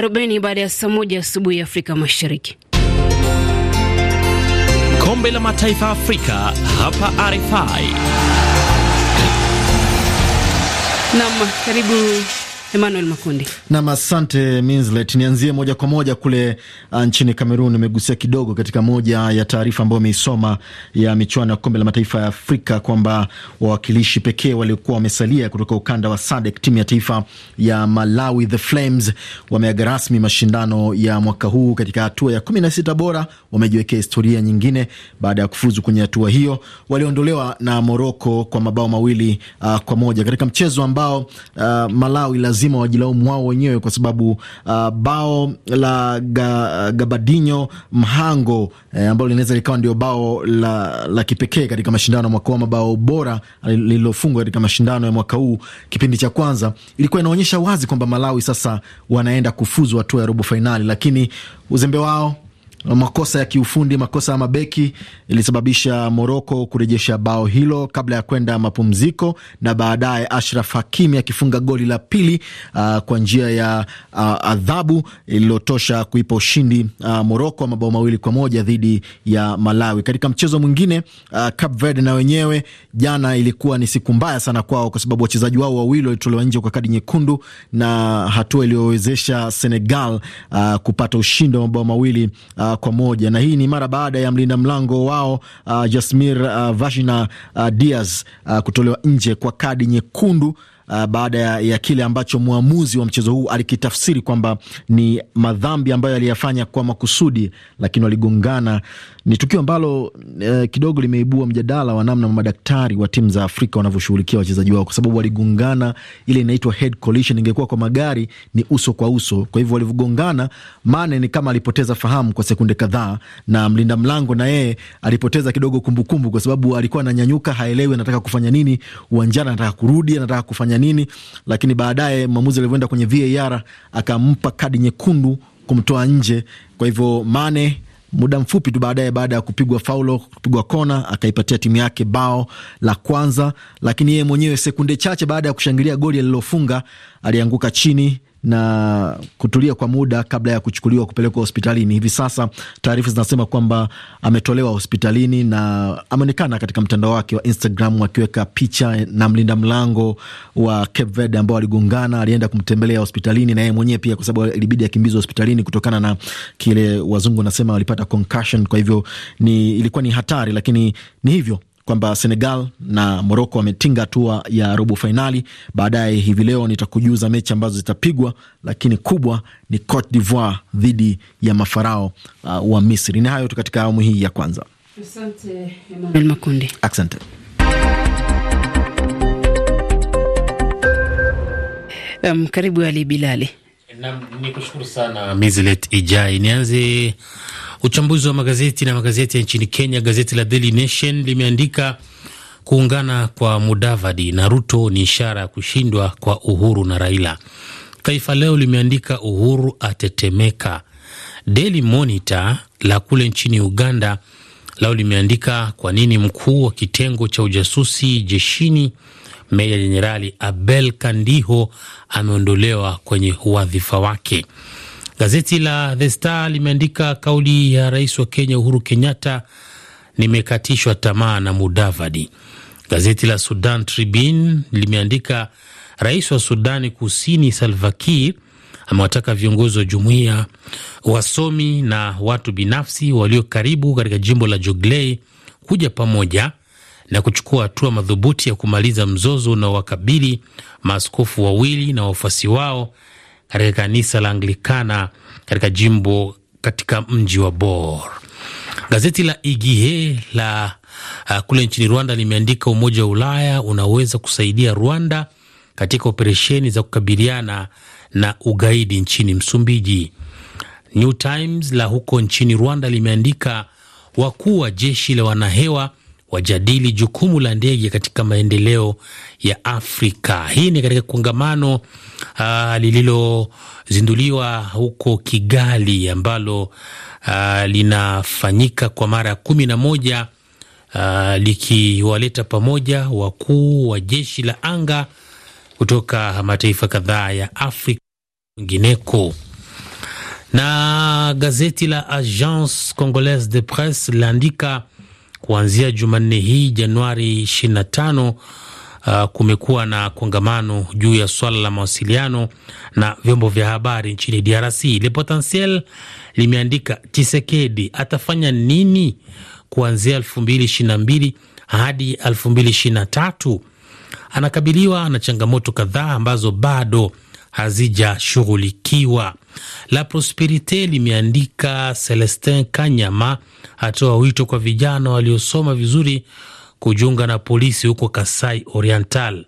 arobaini baada ya saa moja asubuhi ya Afrika Mashariki. Kombe la Mataifa Afrika hapa RFI. Nam, karibu Emmanuel Makundi. Nam, asante Minslet. Nianzie moja kwa moja kule uh, nchini Kamerun. Nimegusia kidogo katika moja ya taarifa ambayo ameisoma ya michuano ya kombe la mataifa ya Afrika kwamba wawakilishi pekee waliokuwa wamesalia kutoka ukanda wa SADC, timu ya taifa ya Malawi The Flames, wameaga rasmi mashindano ya mwaka huu katika hatua ya kumi na sita bora. Wamejiwekea historia nyingine baada ya kufuzu kwenye hatua hiyo. Waliondolewa na Moroko kwa mabao mawili uh, kwa moja katika mchezo ambao uh, Malawi lazima lazima wajilaumu wao wenyewe kwa sababu uh, bao la ga, uh, Gabadinho Mhango eh, ambalo linaweza likawa ndio bao la, la kipekee katika mashindano ya mwaka huu ama bao bora lililofungwa katika mashindano ya mwaka huu kipindi cha kwanza, ilikuwa inaonyesha wazi kwamba Malawi sasa wanaenda kufuzu hatua ya robo fainali, lakini uzembe wao makosa ya kiufundi, makosa ya mabeki ilisababisha Moroko kurejesha bao hilo kabla ya kwenda mapumziko, na baadaye Ashraf Hakimi akifunga goli la pili uh, kwa njia ya uh, adhabu ililotosha kuipa ushindi uh, Moroko mabao mawili kwa moja dhidi ya Malawi. Katika mchezo mwingine uh, Cape Verde na wenyewe jana ilikuwa ni siku mbaya sana kwao, kwa sababu wachezaji wao wawili walitolewa nje kwa kadi nyekundu, na hatua iliyowezesha Senegal uh, kupata ushindi wa mabao mawili uh, kwa moja, na hii ni mara baada ya mlinda mlango wao uh, Jasmir uh, Vashina uh, Diaz uh, kutolewa nje kwa kadi nyekundu. Uh, baada ya, ya kile ambacho mwamuzi wa mchezo huu alikitafsiri kwamba ni madhambi ambayo aliyafanya kwa makusudi, lakini waligongana ni tukio ambalo eh, kidogo limeibua mjadala wa namna madaktari wa timu za Afrika wanavyoshughulikia wachezaji wao, kwa sababu waligongana. Ile inaitwa head collision, ingekuwa kwa magari ni uso kwa uso. Kwa hivyo walivyogongana, Mane ni kama alipoteza fahamu kwa sekunde kadhaa, na mlinda mlango na yeye alipoteza kidogo kumbukumbu kumbu, kwa sababu alikuwa ananyanyuka, haelewi anataka kufanya nini uwanjani, anataka kurudi, anataka kufanya nini, lakini baadaye mwamuzi alivyoenda kwenye VAR akampa kadi nyekundu kumtoa nje. Kwa hivyo Mane muda mfupi tu baadaye, baada ya kupigwa faulo, kupigwa kona, akaipatia timu yake bao la kwanza, lakini yeye mwenyewe sekunde chache baada ya kushangilia goli alilofunga alianguka chini na kutulia kwa muda kabla ya kuchukuliwa kupelekwa hospitalini. Hivi sasa taarifa zinasema kwamba ametolewa hospitalini na ameonekana katika mtandao wake wa Instagram akiweka picha na mlinda mlango wa Cape Verde ambao aligongana Alienda kumtembelea hospitalini na yeye mwenyewe pia, kwa sababu ilibidi akimbizwa hospitalini kutokana na kile wazungu wanasema walipata concussion. Kwa hivyo ni, ilikuwa ni hatari, lakini ni hivyo kwamba Senegal na Moroko wametinga hatua ya robo fainali. Baadaye hivi leo nitakujuza mechi ambazo zitapigwa, lakini kubwa ni Cote d'Ivoire dhidi ya mafarao uh, wa Misri. Ni hayo tu katika awamu hii ya kwanza. Asante asante. Um, karibu Ali Bilali. Ni kushukuru sana Mizilet Ijai. Nianze Uchambuzi wa magazeti na magazeti ya nchini Kenya. Gazeti la Daily Nation limeandika kuungana kwa Mudavadi na Ruto ni ishara ya kushindwa kwa Uhuru na Raila. Taifa Leo limeandika Uhuru atetemeka. Daily Monitor la kule nchini Uganda lao limeandika kwa nini mkuu wa kitengo cha ujasusi jeshini Meja Jenerali Abel Kandiho ameondolewa kwenye wadhifa wake. Gazeti la The Star limeandika kauli ya rais wa Kenya Uhuru Kenyatta, nimekatishwa tamaa na Mudavadi. Gazeti la Sudan Tribune limeandika rais wa Sudani Kusini Salva Kiir amewataka viongozi wa jumuiya, wasomi na watu binafsi walio karibu katika jimbo la Jonglei kuja pamoja na kuchukua hatua madhubuti ya kumaliza mzozo unaowakabili maaskofu wawili na wafuasi wao katika kanisa la Anglikana katika jimbo katika mji wa Bor. Gazeti la Igihe la uh, kule nchini Rwanda limeandika Umoja wa Ulaya unaweza kusaidia Rwanda katika operesheni za kukabiliana na ugaidi nchini Msumbiji. New Times la huko nchini Rwanda limeandika wakuu wa jeshi la wanahewa wajadili jukumu la ndege katika maendeleo ya Afrika. Hii ni katika kongamano uh, lililozinduliwa huko Kigali ambalo uh, linafanyika kwa mara ya kumi na moja uh, likiwaleta pamoja wakuu wa jeshi la anga kutoka mataifa kadhaa ya Afrika wengineko. Na gazeti la Agence Congolaise de Presse linaandika kuanzia Jumanne hii Januari tano uh, kumekuwa na kongamano juu ya swala la mawasiliano na vyombo vya habari nchini DRC. Le Potentiel limeandika Chisekedi atafanya nini kuanzia 2022 hadi 2023? Anakabiliwa na changamoto kadhaa ambazo bado hazijashughulikiwa. La Prosperite limeandika Celestin Kanyama atoa wito kwa vijana waliosoma vizuri kujiunga na polisi huko Kasai Oriental.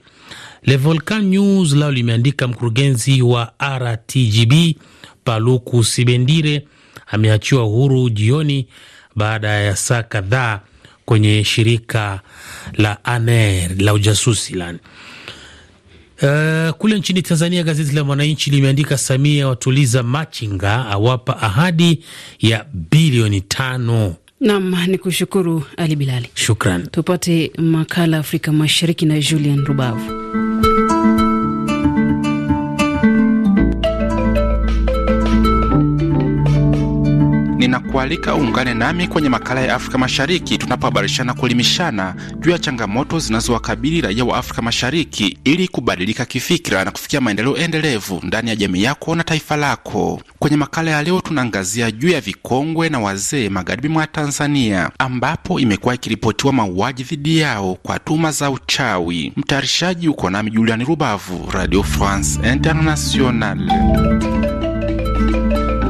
Le Volcan News lao limeandika mkurugenzi wa RTGB Paluku Sibendire ameachiwa huru jioni baada ya saa kadhaa kwenye shirika la ANER la ujasusi lan Uh, eh, kule nchini Tanzania gazeti la Mwananchi limeandika Samia watuliza machinga awapa ahadi ya bilioni tano. Nam ni kushukuru Ali Bilali, shukran. Tupate makala Afrika Mashariki na Julian Rubavu. ninakualika uungane nami kwenye makala ya Afrika Mashariki tunapohabarishana kuelimishana juu ya changamoto zinazowakabili raia wa Afrika Mashariki ili kubadilika kifikira na kufikia maendeleo endelevu ndani ya jamii yako na taifa lako. Kwenye makala ya leo tunaangazia juu ya vikongwe na wazee magharibi mwa Tanzania, ambapo imekuwa ikiripotiwa mauaji dhidi yao kwa tuma za uchawi. Mtayarishaji uko nami Juliani Rubavu, Radio France Internationale.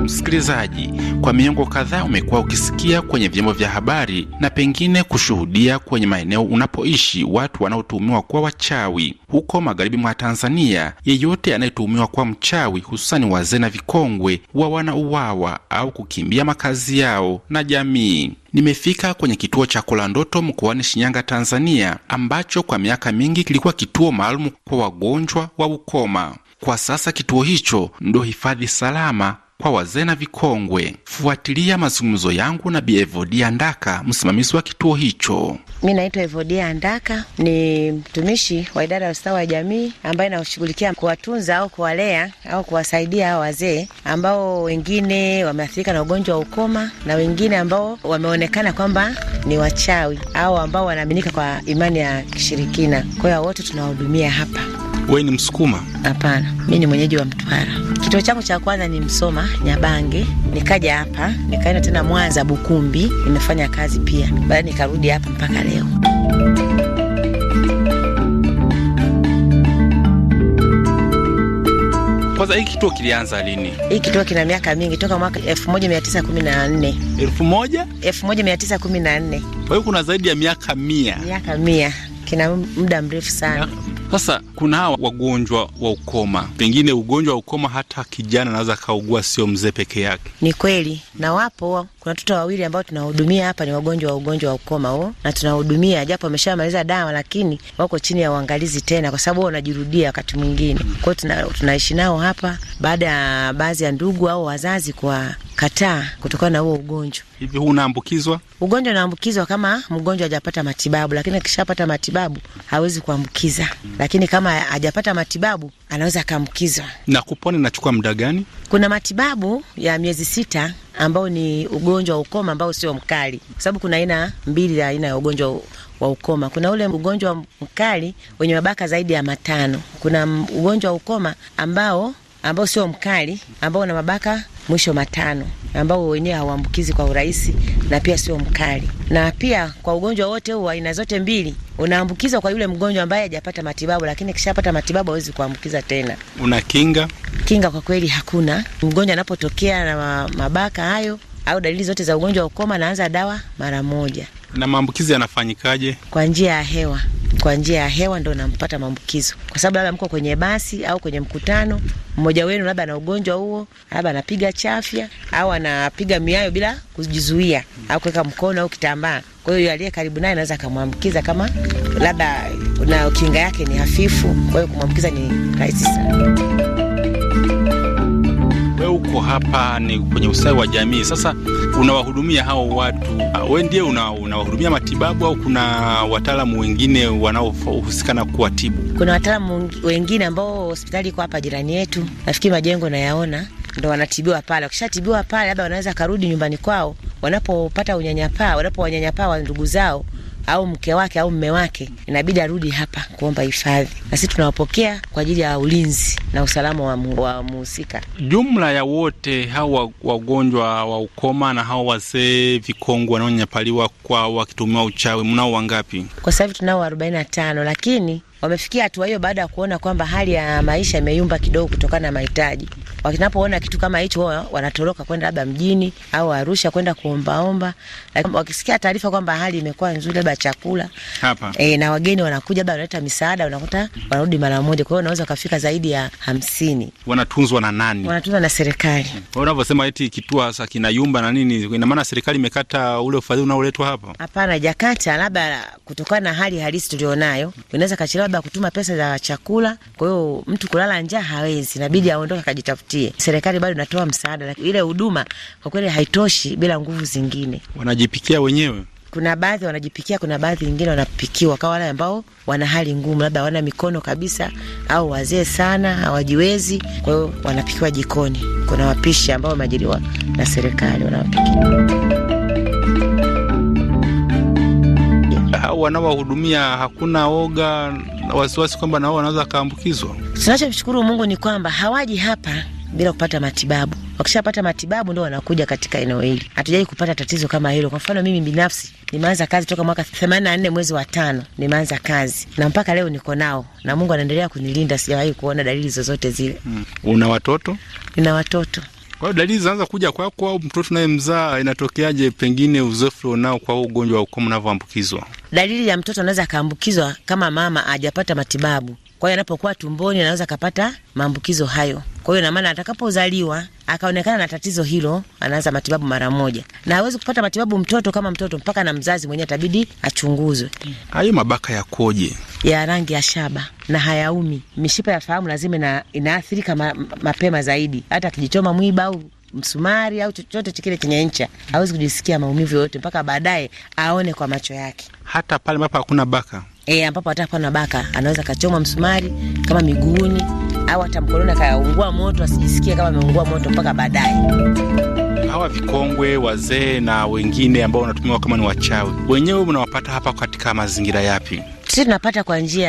Msikilizaji, kwa miongo kadhaa umekuwa ukisikia kwenye vyombo vya habari na pengine kushuhudia kwenye maeneo unapoishi watu wanaotuhumiwa kuwa wachawi. Huko magharibi mwa Tanzania, yeyote anayetuhumiwa kuwa mchawi, hususani wazee na vikongwe, wa wanauawa au kukimbia makazi yao na jamii. Nimefika kwenye kituo cha ndoto mkoani Shinyanga, Tanzania, ambacho kwa miaka mingi kilikuwa kituo maalum kwa wagonjwa wa ukoma. Kwa sasa kituo hicho ndo hifadhi salama kwa wazee na vikongwe. Fuatilia mazungumzo yangu na Bi Evodia Ndaka, msimamizi wa kituo hicho. Mi naitwa Evodia Ndaka, ni mtumishi wa idara ya ustawi wa jamii ambayo inashughulikia kuwatunza au kuwalea au kuwasaidia hao wazee ambao wengine wameathirika na ugonjwa wa ukoma na wengine ambao wameonekana kwamba ni wachawi au ambao wanaaminika kwa imani ya kishirikina. Kwa hiyo wote tunawahudumia hapa. Wewe ni Msukuma? Hapana, mi ni mwenyeji wa Mtwara. Kituo changu cha kwanza ni Msoma Nyabange, nikaja hapa nikaenda tena Mwanza Bukumbi, nimefanya kazi pia, baadaye nikarudi hapa mpaka leo. Kwanza hii kituo kilianza lini? Hii kituo kina miaka mingi toka mwaka 1914. 1000? 1914. Kwa hiyo kuna zaidi ya miaka mia. Miaka mia. Kina muda mrefu sana. Sasa kuna hawa wagonjwa wa ukoma, pengine ugonjwa wa ukoma hata kijana anaweza akaugua, sio mzee peke yake. Ni kweli, na wapo kuna watoto wawili ambao tunawahudumia hapa, ni wagonjwa wa ugonjwa wa ukoma huo, na tunawahudumia japo wameshamaliza dawa, lakini wako chini ya uangalizi tena, kwa sababu wanajirudia wakati mwingine. Kwa hiyo tunaishi nao hapa, baada ya baadhi ya ndugu au wazazi kwa kataa kutokana na huo ugonjwa. Hivi huu unaambukizwa? Ugonjwa unaambukizwa kama mgonjwa hajapata matibabu, lakini akishapata matibabu hawezi kuambukiza lakini kama hajapata matibabu anaweza akaambukizwa. Na kupona inachukua muda gani? Kuna matibabu ya miezi sita ambao ni ugonjwa wa ukoma ambao sio mkali, kwa sababu kuna aina mbili ya aina ya ugonjwa wa ukoma. Kuna ule ugonjwa mkali wenye mabaka zaidi ya matano. Kuna ugonjwa wa ukoma ambao ambao sio mkali, ambao una mabaka mwisho matano, ambao wenyewe hauambukizi kwa urahisi na pia sio mkali. Na pia kwa ugonjwa wote huu aina zote mbili unaambukizwa kwa yule mgonjwa ambaye hajapata matibabu, lakini kishapata matibabu hawezi kuambukiza tena. Una kinga? Kinga kwa kweli hakuna. Mgonjwa anapotokea na mabaka hayo au dalili zote za ugonjwa wa ukoma, anaanza dawa mara moja. Na maambukizi yanafanyikaje? Kwa njia ya hewa kwa njia ya hewa ndio nampata maambukizo, kwa sababu labda mko kwenye basi au kwenye mkutano, mmoja wenu labda ana ugonjwa huo, labda anapiga chafya au anapiga miayo bila kujizuia au kuweka mkono au kitambaa. Kwa hiyo aliye karibu naye anaweza akamwambukiza, kama labda na kinga yake ni hafifu, kwa hiyo kumwambukiza ni rahisi sana. Wewe uko hapa ni kwenye ustawi wa jamii sasa unawahudumia hao watu, ah, we ndiye unawahudumia una matibabu au kuna wataalamu wengine wanaohusika na kuwatibu? Kuna wataalamu wengine ambao hospitali iko hapa jirani yetu, nafikiri majengo nayaona ndo wanatibiwa pale. Wakishatibiwa pale, labda wanaweza karudi nyumbani kwao, wanapopata unyanyapaa, wanapowanyanyapaa wa ndugu zao au mke wake au mme wake, inabidi arudi hapa kuomba hifadhi, na sisi tunawapokea kwa ajili ya ulinzi na usalama wa muhusika. Jumla ya wote hao wagonjwa wa ukoma na hao wazee vikongwe wanaonyanyapaliwa kwa wakitumiwa uchawi, mnao wangapi kwa sasa hivi? Tunao arobaini na tano, lakini wamefikia hatua hiyo baada ya kuona kwamba hali ya maisha imeyumba kidogo kutokana na mahitaji. Wakinapoona kitu kama hicho, wao wanatoroka kwenda labda mjini au Arusha kwenda kuombaomba. Lakini wakisikia taarifa kwamba hali imekuwa nzuri, labda chakula hapa e, na wageni wanakuja, labda wanaleta misaada, unakuta wanarudi mara moja. Kwa hiyo wanaweza kufika zaidi ya hamsini. Wanatunzwa na nani? Wanatunzwa na serikali. Kwa hiyo unavyosema eti kituo sasa kinayumba na nini, ina maana serikali imekata ule ufadhili unaoletwa hapa? Hapana, jakata labda kutokana na hali halisi tulionayo, inaweza kachelewa labda kutuma pesa za chakula, kwa hiyo mtu kulala njaa hawezi, inabidi aondoke akajitafuta tupatie. Serikali bado inatoa msaada, lakini ile huduma kwa kweli haitoshi bila nguvu zingine. Wanajipikia wenyewe kuna baadhi wanajipikia, kuna baadhi wengine wanapikiwa. Kwa wale ambao wana hali ngumu, labda hawana mikono kabisa, au wazee sana hawajiwezi, kwa hiyo wanapikiwa jikoni. Kuna wapishi ambao wameajiriwa na serikali wanawapikia au wanaowahudumia. Hakuna oga na wasiwasi kwamba nao wanaweza wakaambukizwa. Tunachomshukuru Mungu ni kwamba hawaji hapa bila kupata matibabu. Wakishapata matibabu ndo wanakuja katika eneo hili. Hatujai kupata tatizo kama hilo. Kwa mfano mimi binafsi nimeanza kazi toka mwaka 84 mwezi wa tano nimeanza kazi na mpaka leo niko nao, na Mungu anaendelea kunilinda, sijawahi kuona dalili zozote zile. Mm. Una watoto? Nina watoto. Kwa hiyo dalili zinaanza kuja kwako au mtoto naye mzaa, inatokeaje? Pengine uzoefu unao kwa ugonjwa wa ukoma unavyoambukizwa. Dalili ya mtoto anaweza akaambukizwa kama mama ajapata matibabu, kwa hiyo anapokuwa tumboni anaweza akapata maambukizo hayo. Kwa hiyo namaana atakapozaliwa akaonekana na tatizo hilo, anaanza matibabu mara moja, na hawezi kupata matibabu mtoto kama mtoto, mpaka na mzazi mwenyewe atabidi achunguzwe. Hayo mabaka yakoje? Ya rangi ya shaba na hayaumi. Mishipa ya fahamu lazima na inaathirika ma, mapema zaidi. Hata akijichoma mwiba au msumari au chochote kile chenye ncha hawezi kujisikia maumivu yoyote mpaka baadaye aone kwa macho yake. Hata pale ambapo hakuna baka eh, ambapo hata hapa nabaka anaweza kachoma msumari kama miguuni au hata mkononi akaungua moto, asijisikie kama ameungua moto mpaka baadaye. Hawa vikongwe wazee na wengine ambao wanatumiwa kama ni wachawi, wenyewe mnawapata hapa katika mazingira yapi? Sisi tunapata kwa njia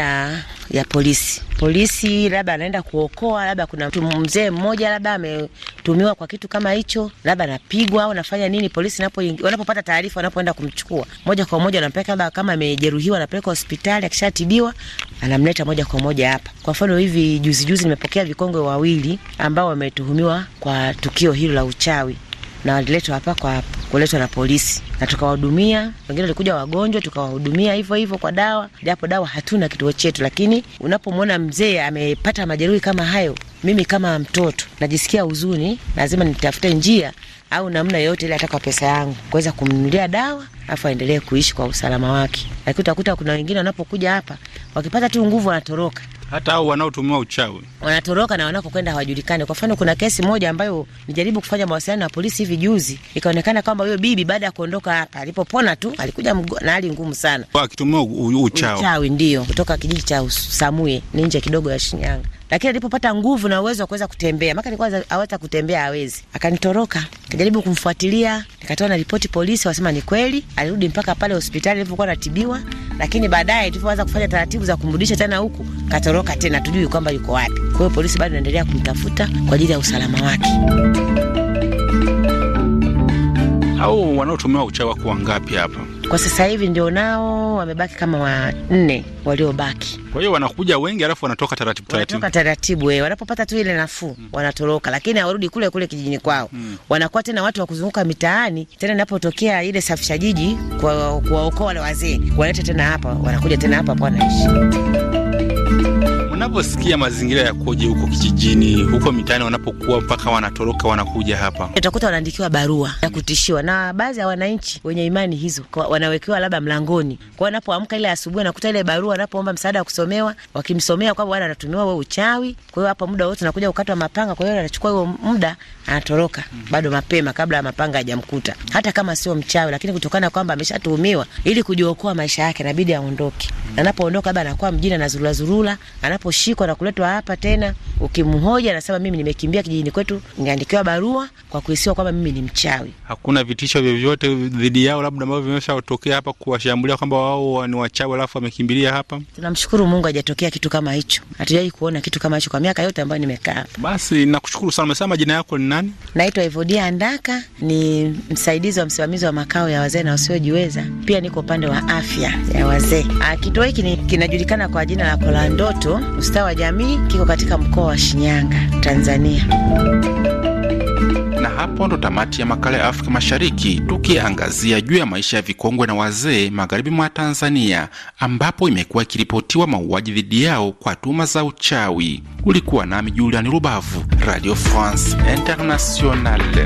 ya polisi polisi, labda anaenda kuokoa, labda kuna mtu mzee mmoja labda ametumiwa kwa kitu kama hicho, labda anapigwa au nafanya nini. Polisi napo wanapopata taarifa, wanapoenda kumchukua moja kwa moja, wanampeleka labda kama amejeruhiwa, anapeleka hospitali, akishatibiwa anamleta moja kwa moja hapa. Kwa mfano hivi juzi juzi nimepokea vikongwe wawili ambao wametuhumiwa kwa tukio hilo la uchawi na waliletwa hapa kwa kuletwa na polisi na tukawahudumia. Wengine walikuja wagonjwa, tukawahudumia hivyo hivyo kwa dawa, japo dawa hatuna kituo chetu. Lakini unapomwona mzee amepata majeruhi kama hayo, mimi kama mtoto najisikia huzuni, lazima nitafute njia au namna yoyote ile, hata kwa pesa yangu kuweza kumnunulia dawa afu aendelee kuishi kwa usalama wake. Lakini utakuta kuna wengine wanapokuja hapa wakipata tu nguvu wanatoroka, hata hao wanaotumiwa uchawi wanatoroka na wanapokwenda hawajulikani. Kwa mfano, kuna kesi moja ambayo nijaribu kufanya mawasiliano na polisi hivi juzi, ikaonekana kwamba huyo bibi baada ya kuondoka hapa, alipopona tu alikuja na hali ngumu sana, akitumia uchawi. Uchawi ndio kutoka kijiji cha samue ni nje kidogo ya Shinyanga lakini alipopata nguvu na uwezo wa kuweza kutembea, maka alikuwa aweza kutembea, hawezi, akanitoroka. Nikajaribu kumfuatilia, nikatoa na ripoti polisi, wasema ni kweli. Alirudi mpaka pale hospitali alipokuwa anatibiwa, lakini baadaye tulipoanza kufanya taratibu za kumrudisha tena huku, katoroka tena, tujui kwamba yuko wapi. Kwa hiyo polisi bado anaendelea kumtafuta kwa ajili ya usalama wake au wanaotumiwa uchawi wako wangapi hapa kwa sasa hivi? Ndio nao wamebaki kama wanne waliobaki. Kwa hiyo wanakuja wengi, alafu wanatoka taratibu taratibu, wanatoka taratibu eh, wanapopata tu ile nafuu mm. wanatoroka, lakini hawarudi kule kule kijijini kwao mm. wanakuwa tena watu wa kuzunguka mitaani tena, inapotokea ile safisha jiji kwa kuwaokoa wale wazee, wanaleta tena hapa, wanakuja tena hapa, wanaishi wanaposikia mazingira yakoje huko kijijini, huko mitaani, wanapokuwa mpaka wanatoroka wanakuja hapa, utakuta wanaandikiwa barua ya kutishiwa, na baadhi ya wananchi wenye imani hizo wanawekewa labda mlangoni kwao, wanapoamka ile asubuhi anakuta ile barua, anapoomba msaada wa kusomewa, wakimsomea kwamba bwana anatumiwa wewe uchawi, kwa hiyo hapa muda wote nakuja kukatwa mapanga, kwa hiyo anachukua huo muda anatoroka bado mapema, kabla ya mapanga hajamkuta, hata kama sio mchawi, lakini kutokana kwamba ameshatuhumiwa, ili kujiokoa maisha yake inabidi aondoke. Anapoondoka labda anakuwa mjini anazurura zurura, anapo kushikwa na kuletwa hapa tena, ukimhoja anasema mimi nimekimbia kijijini kwetu, niandikiwa barua kwa kuhisiwa kwamba mimi ni mchawi. Hakuna vitisho vyovyote dhidi yao, labda ambavyo vimeshatokea hapa kuwashambulia kwamba wao ni wachawi alafu wamekimbilia hapa. Tunamshukuru Mungu hajatokea kitu kama hicho, hatujai kuona kitu kama hicho kwa miaka yote ambayo nimekaa hapa. Basi nakushukuru sana. Umesema majina yako ni nani? Naitwa Evodia Andaka, ni msaidizi wa msimamizi wa makao ya wazee na wasiojiweza, pia niko upande wa afya ya wazee. Ah, kituo hiki kinajulikana kwa jina la Kolandoto ustawi wa jamii kiko katika mkoa wa Shinyanga, Tanzania. Na hapo ndo tamati ya makala ya Afrika Mashariki, tukiangazia juu ya maisha ya vikongwe na wazee magharibi mwa Tanzania, ambapo imekuwa ikiripotiwa mauaji dhidi yao kwa tuma za uchawi. Ulikuwa nami Juliani Rubavu, Radio France Internationale.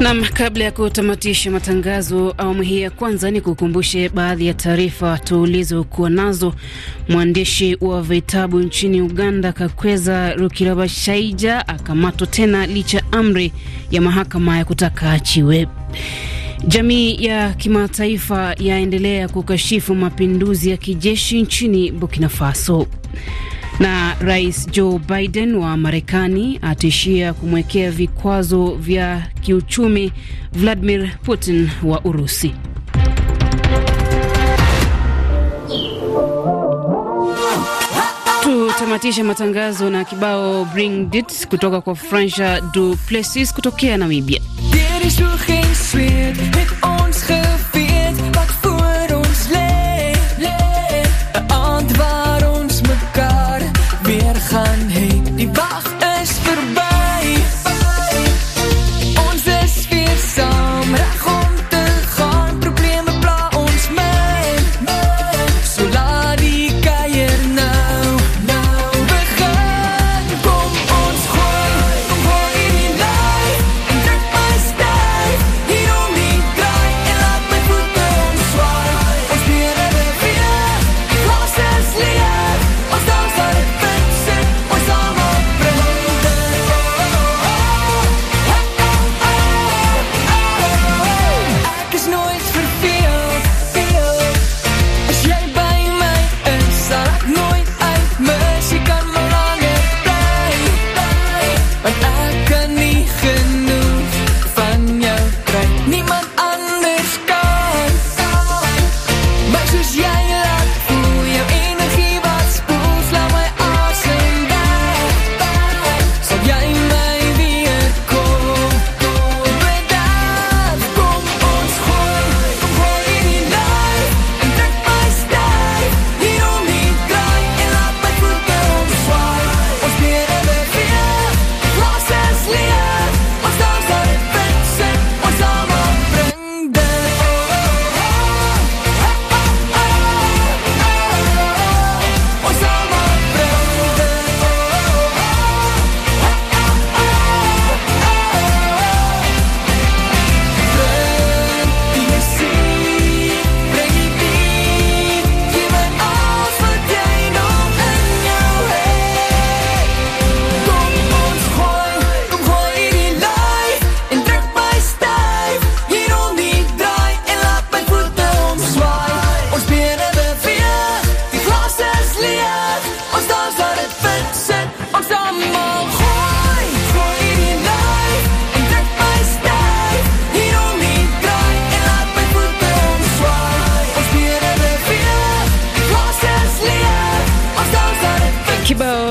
Nam, kabla ya kutamatisha matangazo awamu hii ya kwanza, ni kukumbushe baadhi ya taarifa tulizokuwa nazo. Mwandishi wa vitabu nchini Uganda Kakweza Rukirabashaija akamatwa tena licha amri ya mahakama ya kutaka achiwe. Jamii ya kimataifa yaendelea kukashifu mapinduzi ya kijeshi nchini Burkina Faso. Na Rais Joe Biden wa Marekani atishia kumwekea vikwazo vya kiuchumi Vladimir Putin wa Urusi. tutamatishe matangazo na kibao Bring kutoka kwa Francia Du Plessis kutokea Namibia.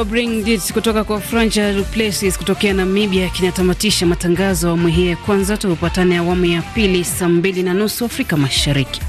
Bring It kutoka kwa Franja Replaces kutokea Namibia kinatamatisha matangazo awamu hii ya kwanza. Tukupatane awamu ya pili saa mbili na nusu Afrika Mashariki.